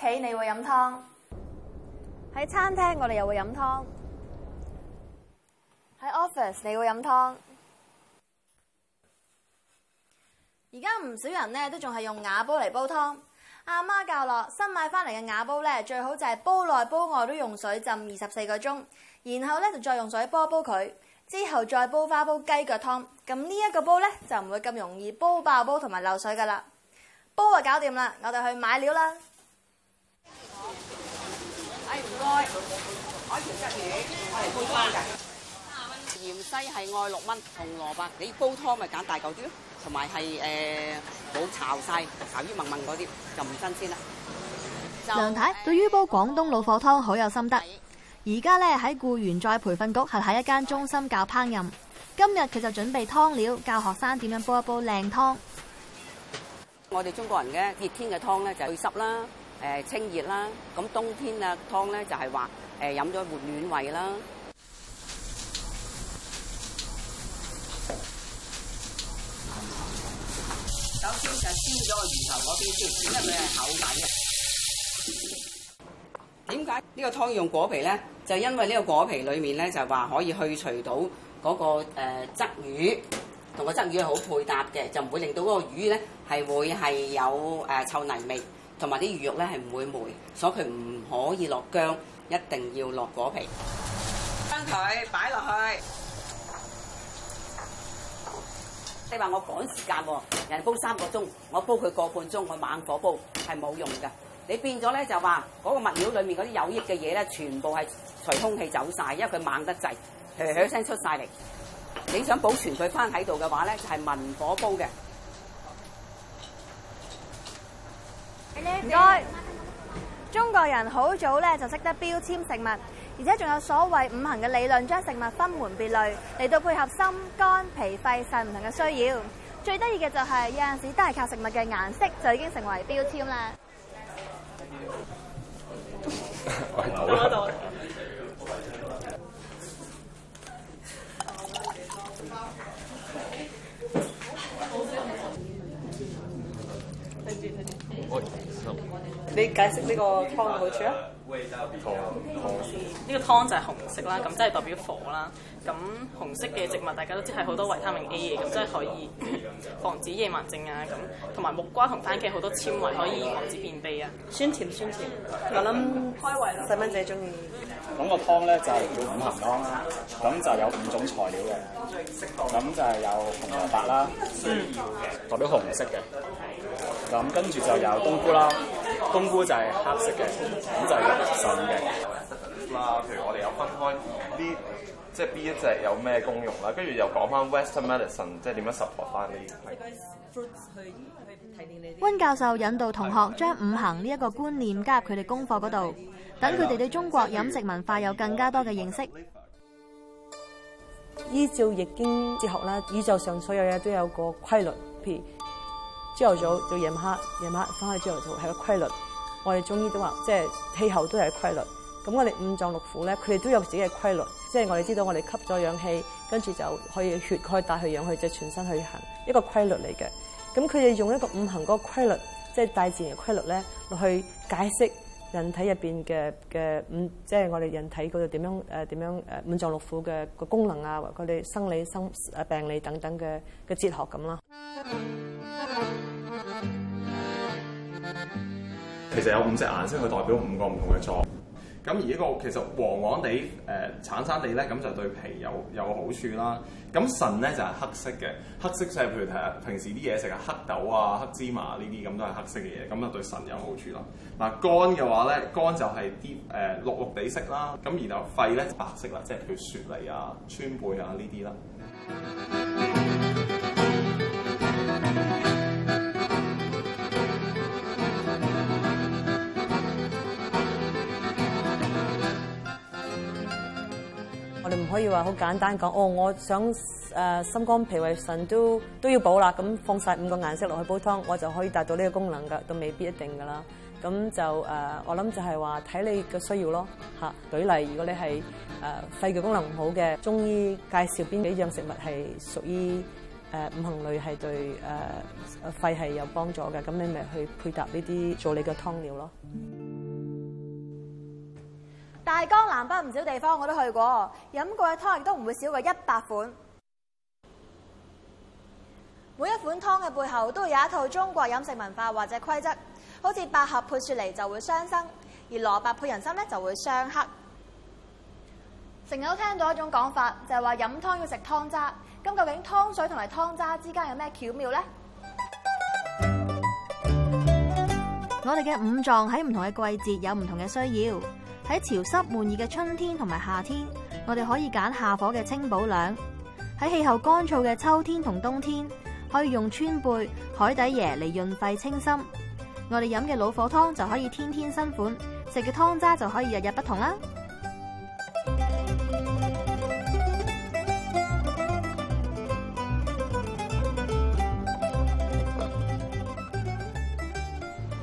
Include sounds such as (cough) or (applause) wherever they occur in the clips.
屋企你會飲湯，喺餐廳，我哋又會飲湯喺 office。在你會飲湯。而家唔少人呢都仲係用瓦煲嚟煲湯。阿媽，媽教落，新買翻嚟嘅瓦煲呢最好就係煲內煲外都用水浸二十四個鐘，然後呢就再用水煲一煲佢，之後再煲花煲雞腳湯。咁呢一個煲呢就唔會咁容易煲爆煲同埋漏水噶啦。煲啊，搞掂啦，我哋去買料啦。我煲㗎，芫荽係愛六蚊，紅蘿蔔你煲湯咪揀大嚿啲咯，同埋係冇炒晒，巢魚密密嗰啲就唔新鮮啦。梁太對於煲廣東老火湯好有心得，而家咧喺雇員再培訓局轄下一間中心教烹飪，今日佢就準備湯料教學生點樣煲一煲靚湯。我哋中國人嘅熱天嘅湯咧就祛濕啦。誒清熱啦，咁冬天啊湯咧就係話誒飲咗會暖胃啦。首先就燒咗個魚頭嗰邊先，因為佢係厚底啊。點解呢個湯要用果皮咧？就因為呢個果皮裡面咧就話可以去除到嗰個誒鯽魚，同個鯽魚係好配搭嘅，就唔會令到嗰個魚咧係會係有誒臭泥味。同埋啲魚肉咧係唔會黴，所以佢唔可以落薑，一定要落果皮。將佢擺落去。你話我趕時間喎，人煲三個鐘，我煲佢個半鐘，我猛火煲係冇用㗎。你變咗咧就話嗰個物料裡面嗰啲有益嘅嘢咧，全部係隨空氣走曬，因為佢猛得滯，響聲出曬嚟。你想保存佢翻喺度嘅話咧，就係文火煲嘅。唔該，中國人好早咧就識得標籤食物，而且仲有所謂五行嘅理論，將食物分門別類嚟，到配合心、肝、脾、肺、腎唔同嘅需要。最得意嘅就係有陣時都係靠食物嘅顏色就已經成為標籤啦。 (laughs) 吐 (laughs) 你解釋呢個湯嘅好處啊？呢、這個湯就係紅色啦，咁即係代表火啦。咁紅色嘅植物大家都知係好多維他命 A 嘅，咁即係可以 (laughs) 防止夜盲症啊。咁同埋木瓜同番茄好多纖維，可以防止便秘啊。酸甜酸甜，我諗開胃啦。細蚊仔中意。咁個湯咧就係、是、叫五行湯啦，咁就有五種材料嘅。咁就係有紅蘿蔔啦，代表紅色嘅。Okay. 咁跟住就有冬菇啦，冬菇就係黑色嘅，咁就係腎嘅，啦，譬如我哋有分開呢即係邊一隻有咩功用啦，跟住又講翻 Western medicine 即係點樣 support 翻呢啲。溫教授引導同學將五行呢一個觀念加入佢哋功課嗰度，等佢哋對中國飲食文化有更加多嘅認識。依照易經哲學啦，宇宙上所有嘢都有個規律，譬如。朝頭早到夜晚黑，夜晚黑翻去朝頭早，係個規律。我哋中醫都話，即係氣候都係規律。咁我哋五臟六腑咧，佢哋都有自己嘅規律。即係我哋知道，我哋吸咗氧氣，跟住就可以血可以帶去氧氣，即係全身去行一個規律嚟嘅。咁佢哋用一個五行嗰個規律，即係大自然嘅規律咧，去解釋人體入邊嘅嘅五，即係我哋人體嗰度點樣誒點樣誒、啊、五臟六腑嘅個功能啊，或者佢哋生理生誒病理等等嘅嘅哲學咁啦。嗯其實有五隻顏色去代表五個唔同嘅臟，咁而呢個其實黃黃地誒、呃、橙橙地咧，咁就對皮有有好處啦。咁腎咧就係、是、黑色嘅，黑色就係、是、譬如平時啲嘢食啊，黑豆啊、黑芝麻呢啲咁都係黑色嘅嘢，咁就對腎有好處啦。嗱肝嘅話咧，肝就係啲誒綠綠地色啦，咁然後肺咧、就是、白色啦，即係譬如雪梨啊、川貝啊呢啲啦。嗯。可以話好簡單講，哦，我想誒、呃、心肝脾胃腎都都要補啦，咁放晒五個顏色落去煲湯，我就可以達到呢個功能㗎，都未必一定㗎啦。咁就誒、呃，我諗就係話睇你嘅需要咯。嚇、啊，舉例，如果你係誒、呃、肺嘅功能唔好嘅，中醫介紹邊幾樣食物係屬於誒五行類係對誒、呃、肺係有幫助嘅，咁你咪去配搭呢啲做你嘅湯料咯。大江南北唔少地方我都去過，飲過嘅湯亦都唔會少過一百款。每一款湯嘅背後都會有一套中國飲食文化或者規則，好似百合配雪梨就會相生，而蘿蔔配人參咧就會相克。成日都聽到一種講法，就係、是、話飲湯要食湯渣。咁究竟湯水同埋湯渣之間有咩巧妙呢？我哋嘅五臟喺唔同嘅季節有唔同嘅需要。喺潮濕悶熱嘅春天同埋夏天，我哋可以揀下火嘅清補涼；喺氣候乾燥嘅秋天同冬天，可以用川貝、海底椰嚟潤肺清心。我哋飲嘅老火湯就可以天天新款，食嘅湯渣就可以日日不同啦。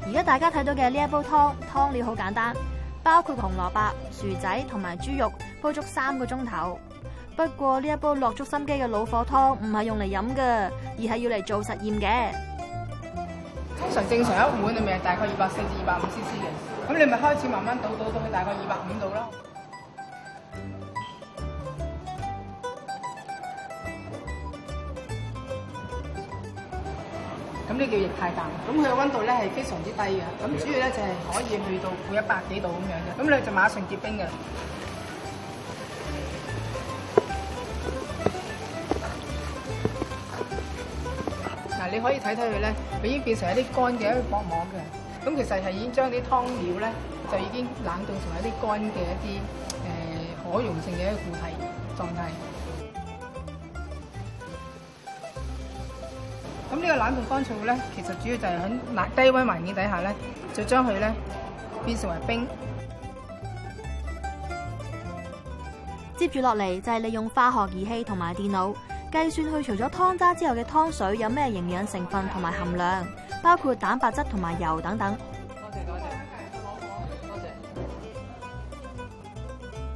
而家大家睇到嘅呢一煲湯，湯料好簡單。包括紅蘿蔔、薯仔同埋豬肉，煲足三個鐘頭。不過呢一煲落足心機嘅老火湯唔係用嚟飲㗎，而係要嚟做實驗嘅。通常正常一碗裡面大概二百四至二百五 c.c. 嘅，咁你咪開始慢慢倒倒，到你大概二百五度咯。咁呢叫液態氮，咁佢嘅溫度咧係非常之低嘅，咁主要咧就係、是、可以去到負一百幾度咁樣嘅，咁你就馬上結冰嘅啦。嗱，你可以睇睇佢咧，佢已經變成一啲乾嘅一啲薄膜嘅，咁其實係已經將啲湯料咧，就已經冷凍成為一啲乾嘅一啲、呃、可溶性嘅一個固體狀態。咁、這、呢個冷凍乾燥呢，其實主要就係喺低溫環境底下呢，就將佢呢變成為冰。接住落嚟就係利用化學儀器同埋電腦計算，去除咗湯渣之後嘅湯水有咩營養成分同埋含量，包括蛋白質同埋油等等。多謝多謝，多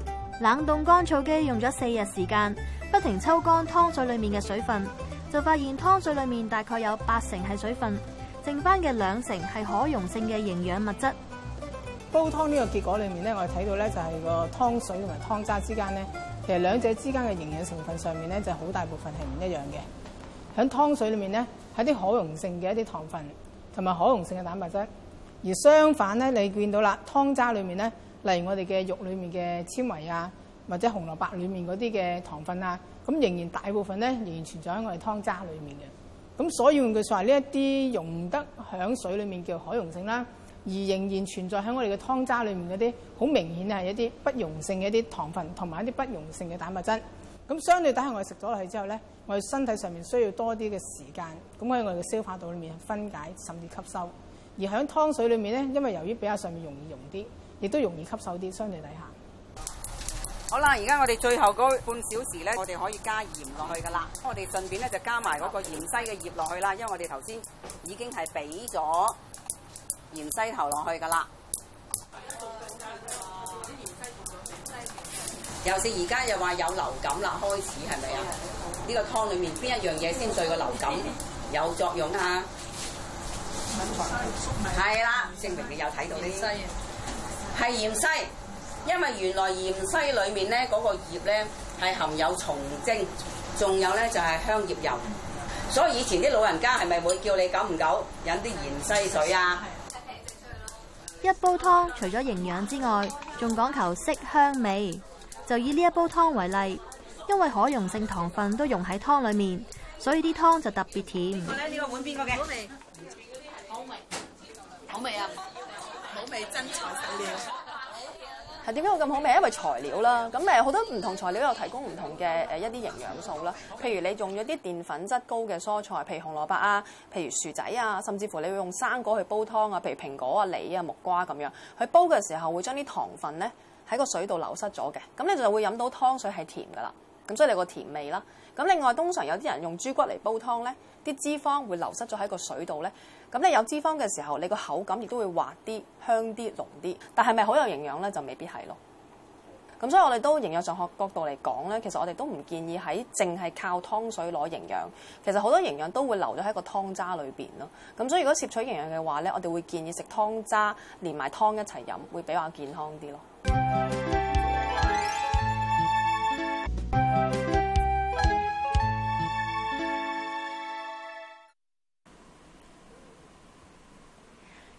謝。冷凍乾燥機用咗四日時間，不停抽乾湯水裏面嘅水分。就發現湯水裡面大概有八成係水分，剩翻嘅兩成係可溶性嘅營養物質。煲湯呢個結果裏面咧，我哋睇到咧就係個湯水同埋湯渣之間咧，其實兩者之間嘅營養成分上面咧，就好大部分係唔一樣嘅。喺湯水裏面咧，係啲可溶性嘅一啲糖分同埋可溶性嘅蛋白質，而相反咧，你見到啦，湯渣裏面咧，例如我哋嘅肉裡面嘅纖維啊，或者紅蘿蔔裡面嗰啲嘅糖分啊，咁仍然大部分咧，仍然存在喺我哋湯渣裡面嘅。咁所以換句説話，呢一啲溶得響水裡面叫可溶性啦，而仍然存在喺我哋嘅湯渣裡面嗰啲，好明顯係一啲不溶性嘅一啲糖分同埋一啲不溶性嘅蛋白質。咁相對底下我哋食咗落去之後咧，我哋身體上面需要多啲嘅時間，咁喺我哋嘅消化道裡面分解甚至吸收，而響湯水裡面咧，因為由於比較上面容易溶啲，亦都容易吸收啲，相對底下。好啦，而家我哋最後嗰半小時咧，我哋可以加鹽落去噶啦。我哋順便咧就加埋嗰個芫荽嘅葉落去啦，因為我哋頭先已經係俾咗芫荽頭落去噶啦。尤其而家又話有流感啦，開始係咪啊？呢、這個湯裏面邊一樣嘢先對個流感有作用、嗯、啊？係、嗯嗯嗯嗯嗯嗯、啦，證明你有睇到呢，係芫荽。因為原來芫茜裏面咧嗰個葉咧係含有松精，仲有咧就係香葉油，所以以前啲老人家係咪會叫你久唔久飲啲芫茜水啊？一煲湯除咗營養之外，仲講求色香味。就以呢一煲湯為例，因為可溶性糖分都溶喺湯裡面，所以啲湯就特別甜。我睇呢個？呢個碗邊個嘅？好味，好味啊！好味，好味，真材實料。係點解會咁好味？因為材料啦，咁誒好多唔同材料又提供唔同嘅一啲營養素啦。譬如你用咗啲澱粉質高嘅蔬菜，譬如紅蘿蔔啊，譬如薯仔啊，甚至乎你會用生果去煲湯啊，譬如蘋果啊、梨啊、木瓜咁樣。佢煲嘅時候會將啲糖分咧喺個水度流失咗嘅，咁你就會飲到湯水係甜噶啦。咁所以你有個甜味啦。咁另外通常有啲人用豬骨嚟煲湯咧，啲脂肪會流失咗喺個水度咧。咁你有脂肪嘅時候，你個口感亦都會滑啲、香啲、濃啲。但係咪好有營養呢？就未必係咯。咁所以我哋都營養學角度嚟講呢，其實我哋都唔建議喺淨係靠湯水攞營養。其實好多營養都會留咗喺個湯渣裏邊咯。咁所以如果攝取營養嘅話呢，我哋會建議食湯渣連埋湯一齊飲，會比較健康啲咯。 (music)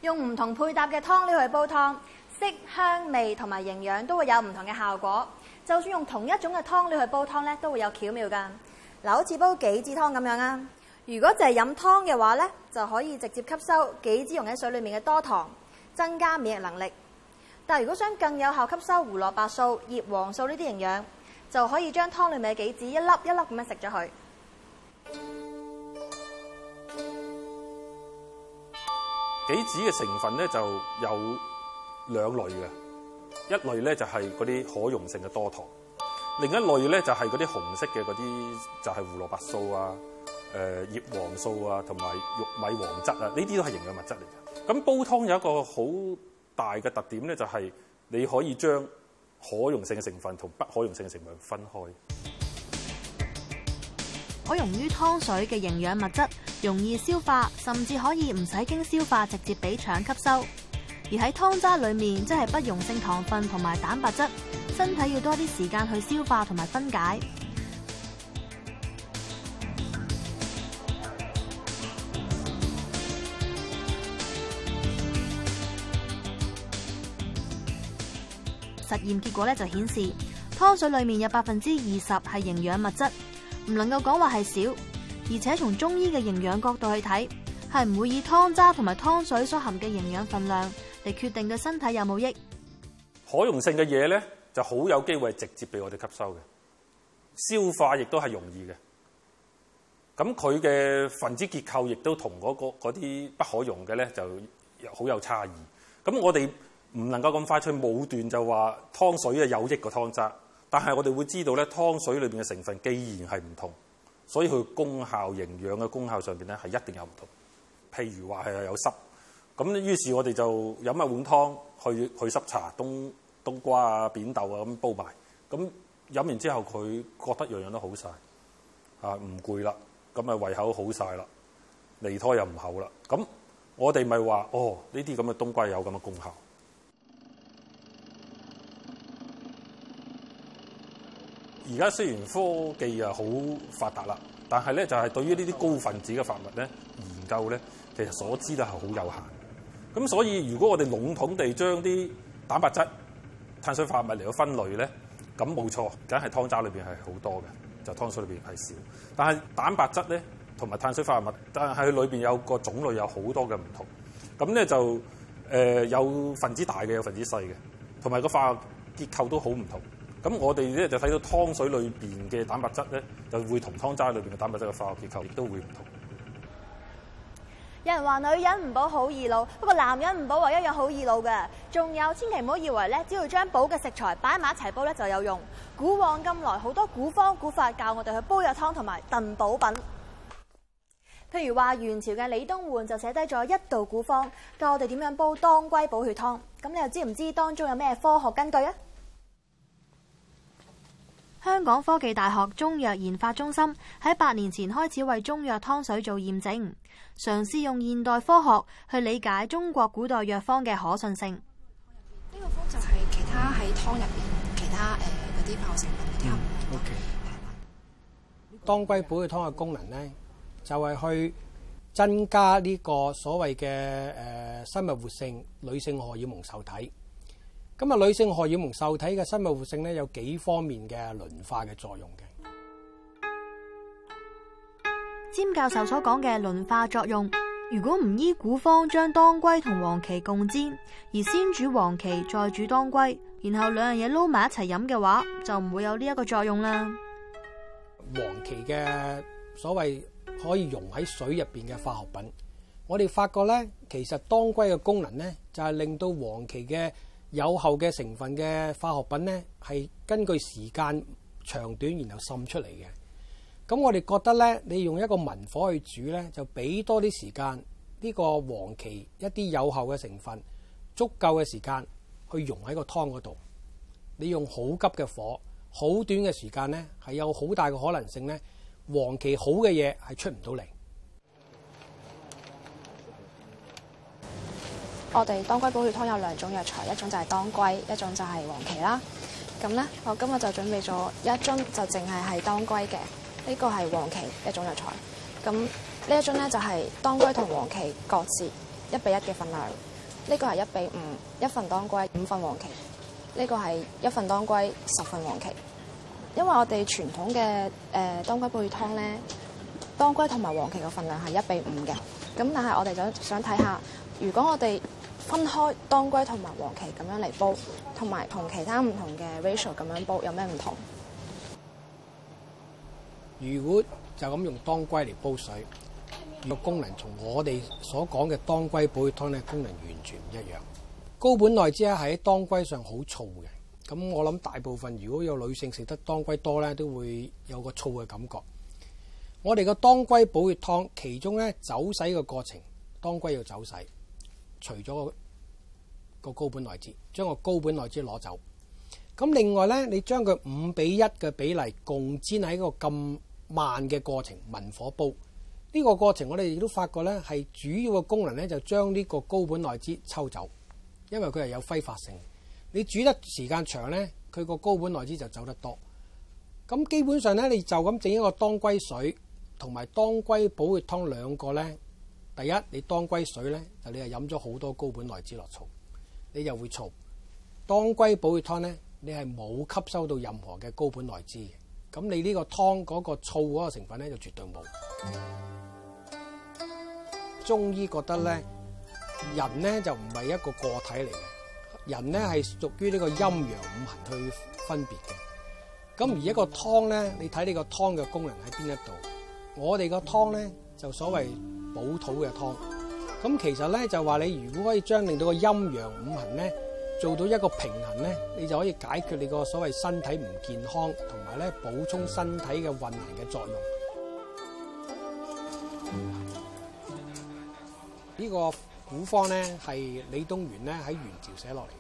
用唔同配搭嘅湯料去煲湯，色香味同埋營養都會有唔同嘅效果。就算用同一種嘅湯料去煲湯咧，都會有巧妙噶。嗱，好似煲杞子湯咁樣啊，如果淨係飲湯嘅話咧，就可以直接吸收杞子溶喺水裡面嘅多糖，增加免疫能力。但如果想更有效吸收胡蘿蔔素、葉黃素呢啲營養，就可以將湯裡面嘅杞子一粒一粒咁樣食咗佢。杞子嘅成分咧就有兩類嘅，一類咧就係嗰啲可溶性嘅多糖，另一類咧就係嗰啲紅色嘅嗰啲就係胡蘿卜素啊、誒、呃、葉黃素啊同埋玉米黃質啊，呢啲都係營養物質嚟嘅。咁煲湯有一個好大嘅特點咧，就係你可以將可溶性嘅成分同不可溶性嘅成分分開。可溶於湯水嘅營養物質容易消化，甚至可以唔使經消化直接俾腸吸收。而喺湯渣裏面，即係不溶性糖分同埋蛋白質，身體要多啲時間去消化同埋分解。實驗結果咧就顯示，湯水裏面有百分之二十係營養物質。唔能夠講話係少，而且從中醫嘅營養角度去睇，係唔會以湯渣同埋湯水所含嘅營養分量嚟決定佢身體有冇益。可溶性嘅嘢咧，就好有機會直接俾我哋吸收嘅，消化亦都係容易嘅。咁佢嘅分子結構亦都同嗰個啲不可溶嘅咧，就好有差異。咁我哋唔能夠咁快脆武斷就話湯水啊有益過湯渣。但係我哋會知道咧，湯水裏面嘅成分既然係唔同，所以佢功效、營養嘅功效上面咧係一定有唔同。譬如話係有濕，咁於是我哋就飲一碗湯去去濕茶，冬冬瓜啊、扁豆啊咁煲埋。咁飲完之後佢覺得樣樣都好晒，唔攰啦，咁啊胃口好晒啦，脷胎又唔厚啦。咁我哋咪話哦，呢啲咁嘅冬瓜有咁嘅功效。而家雖然科技啊好發達啦，但係咧就係對於呢啲高分子嘅化合物咧研究咧，其實所知都係好有限。咁所以如果我哋籠統地將啲蛋白質、碳水化合物嚟到分類咧，咁冇錯，梗係湯渣裏邊係好多嘅，就湯水裏邊係少。但係蛋白質咧同埋碳水化合物，但係佢裏邊有個種類有好多嘅唔同。咁咧就誒有分子大嘅有分子細嘅，同埋個化學結構都好唔同。咁我哋咧就睇到湯水裏面嘅蛋白質咧，就會同湯渣裏面嘅蛋白質嘅化學結構亦都會唔同。有人話女人唔補好易老，不過男人唔補話一樣好易老嘅。仲有千祈唔好以為咧，只要將補嘅食材擺埋一齊煲咧就有用。古往今來，好多古方古法教我哋去煲藥湯同埋燉補品。譬如話，元朝嘅李東垣就寫低咗一道古方，教我哋點樣煲當歸補血湯。咁你又知唔知當中有咩科學根據啊？香港科技大學中藥研發中心喺八年前開始為中藥湯水做驗證，嘗試用現代科學去理解中國古代藥方嘅可信性。呢個方就係其他喺湯入邊其他誒嗰啲化學成分嘅含。當歸補血湯嘅功能咧，就係去增加呢個所謂嘅誒生物活性女性荷爾蒙受體。咁啊，女性荷爾蒙受體嘅生物活性咧，有幾方面嘅輪化嘅作用嘅。詹教授所講嘅輪化作用，如果唔依古方將當歸同黃芪共煎，而先煮黃芪再煮當歸，然後兩樣嘢撈埋一齊飲嘅話，就唔會有呢一個作用啦。黃芪嘅所謂可以溶喺水入邊嘅化學品，我哋發覺咧，其實當歸嘅功能咧就係令到黃芪嘅。有效嘅成分嘅化學品咧，係根據時間長短，然後滲出嚟嘅。咁我哋覺得咧，你用一個文火去煮咧，就俾多啲時間呢個黃芪一啲有效嘅成分足夠嘅時間去溶喺個湯嗰度。你用好急嘅火，好短嘅時間咧，係有好大嘅可能性咧，黃芪好嘅嘢係出唔到嚟。我哋當歸補血湯有兩種藥材，一種就係當歸，一種就係黃芪啦。咁咧，我今日就準備咗一樽，就淨係係當歸嘅。呢個係黃芪一種藥材。咁呢一樽咧就係、是、當歸同黃芪各自一比一嘅份量。呢、這個係一比五，一份當歸五份黃芪。呢、這個係一份當歸十份黃芪。因為我哋傳統嘅誒、呃、當歸補血湯咧，當歸同埋黃芪嘅份量係一比五嘅。咁但係我哋就想睇下，如果我哋分開當歸同埋黃芪咁樣嚟煲，同埋同其他唔同嘅 ratio 咁樣煲有咩唔同？如果就咁用當歸嚟煲水，個功能從我哋所講嘅當歸補血湯咧，功能完全唔一樣。高本內脂咧喺當歸上好燥嘅，咁我諗大部分如果有女性食得當歸多咧，都會有個燥嘅感覺。我哋個當歸補血湯其中咧走洗嘅過程，當歸要走洗，除咗，個高本內脂，將個高本內脂攞走，咁另外呢，你將佢五比一嘅比例共煎喺一個咁慢嘅過程，文火煲呢個過程，我哋亦都發覺呢係主要嘅功能呢，就將呢個高本內脂抽走，因為佢係有揮發性。你煮得時間長呢，佢個高本內脂就走得多。咁基本上呢，你就咁整一個當歸水同埋當歸補血湯兩個呢。第一，你當歸水呢，你就你係飲咗好多高本內脂落醋。你又會燥，當歸補血湯咧，你係冇吸收到任何嘅高本內脂嘅，咁你呢個湯嗰個燥嗰個成分咧就絕對冇。嗯。中醫覺得咧，人咧就唔係一個個體嚟嘅，人咧係屬於呢個陰陽五行去分別嘅。咁而一個湯咧，你睇呢個湯嘅功能喺邊一度？我哋個湯咧就所謂補土嘅湯。咁其實咧就話你如果可以將令到個陰陽五行咧做到一個平衡咧，你就可以解決你個所謂身體唔健康同埋咧補充身體嘅運行嘅作用。呢、嗯這個古方咧係李東垣咧喺元朝寫落嚟嘅。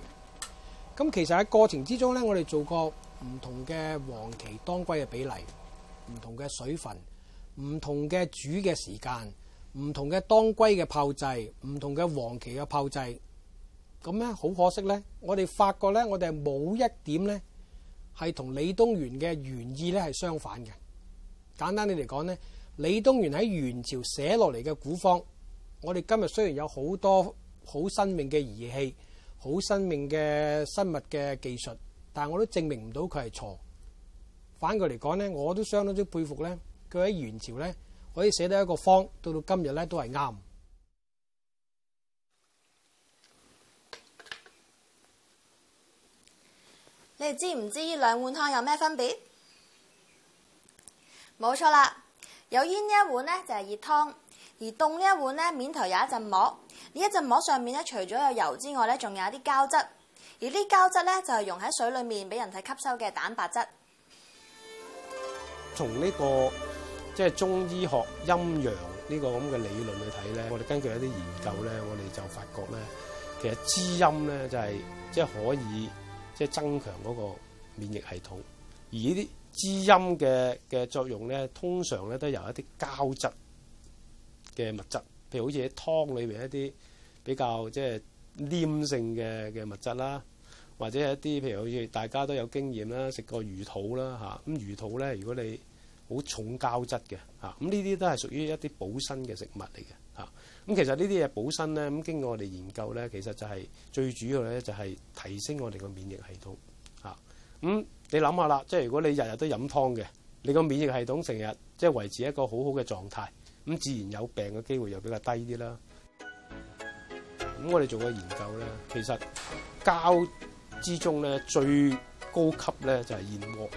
咁其實喺過程之中咧，我哋做過唔同嘅黃芪當歸嘅比例，唔同嘅水分，唔同嘅煮嘅時間。唔同嘅當歸嘅炮製，唔同嘅黃芪嘅炮製，咁咧好可惜咧，我哋發覺咧，我哋冇一點咧係同李東垣嘅原意咧係相反嘅。簡單啲嚟講咧，李東垣喺元朝寫落嚟嘅古方，我哋今日雖然有好多好新穎嘅儀器、好新穎嘅生物嘅技術，但我都證明唔到佢係錯。反過嚟講咧，我都相當之佩服咧，佢喺元朝咧。可以寫得一個方，到到今日咧都係啱。你哋知唔知兩碗湯有咩分別？冇錯啦，有煙呢一碗咧就係熱湯，而凍呢一碗咧面頭有一陣膜。呢一陣膜上面咧除咗有油之外咧，仲有一啲膠質。而呢啲膠質咧就係溶喺水裡面俾人體吸收嘅蛋白質。從呢個。即係中醫學陰陽呢個咁嘅理論去睇咧，我哋根據一啲研究咧，我哋就發覺咧，其實滋陰咧就係即係可以即係增強嗰個免疫系統。而呢啲滋陰嘅嘅作用咧，通常咧都有一啲膠質嘅物質，譬如好似喺湯裏面一啲比較即係黏性嘅嘅物質啦，或者係一啲譬如好似大家都有經驗啦，食過魚肚啦嚇，咁魚肚咧如果你好重膠質嘅嚇，咁呢啲都係屬於一啲補身嘅食物嚟嘅嚇。咁其實呢啲嘢補身咧，咁經過我哋研究咧，其實就係最主要咧，就係提升我哋個免疫系統嚇。咁你諗下啦，即係如果你日日都飲湯嘅，你個免疫系統成日即係維持一個好好嘅狀態，咁自然有病嘅機會又比較低啲啦。咁我哋做過研究咧，其實膠之中咧最高級咧就係燕窩。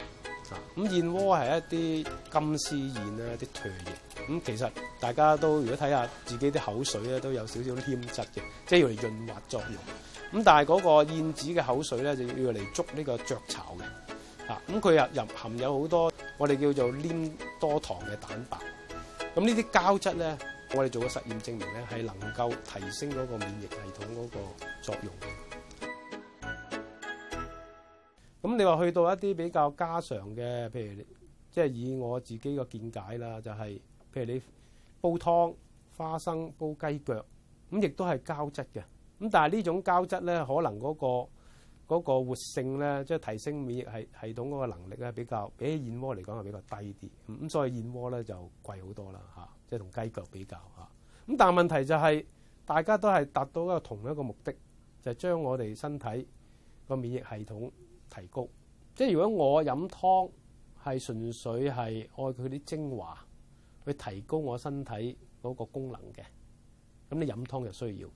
啊，咁燕窩係一啲金絲燕咧，啲唾液，咁其實大家都如果睇下自己啲口水咧，都有少少黏質嘅，即係用嚟潤滑作用。咁但係嗰個燕子嘅口水咧，就要嚟捉呢個雀巢嘅。啊，咁佢又入含有好多我哋叫做黏多糖嘅蛋白。咁呢啲膠質咧，我哋做個實驗證明咧，係能夠提升嗰個免疫系統嗰個作用。咁你話去到一啲比較家常嘅，譬如即係、就是、以我自己個見解啦，就係、是、譬如你煲湯花生煲雞腳，咁亦都係膠質嘅。咁但係呢種膠質咧，可能嗰、那個嗰、那個活性咧，即、就、係、是、提升免疫係系統嗰個能力咧，比較比起燕窩嚟講係比較低啲。咁所以燕窩咧就貴好多啦嚇，即係同雞腳比較嚇。咁但係問題就係、是、大家都係達到一個同一個目的，就係、是、將我哋身體個免疫系統。提高，即係如果我飲湯係純粹係愛佢啲精華，去提高我身體嗰個功能嘅，咁你飲湯就需要嘅。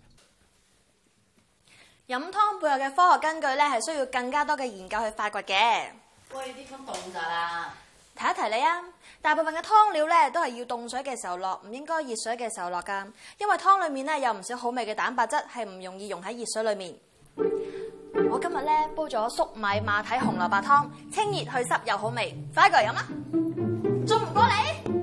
飲湯背後嘅科學根據咧，係需要更加多嘅研究去發掘嘅。喂，啲咁凍咋啦？提一提你啊，大部分嘅湯料咧都係要凍水嘅時候落，唔應該熱水嘅時候落噶，因為湯裏面咧有唔少好味嘅蛋白質係唔容易溶喺熱水裏面。我今日咧煲咗粟米馬蹄紅蘿蔔湯，清熱去濕又好味，快過嚟飲啦！仲唔過嚟？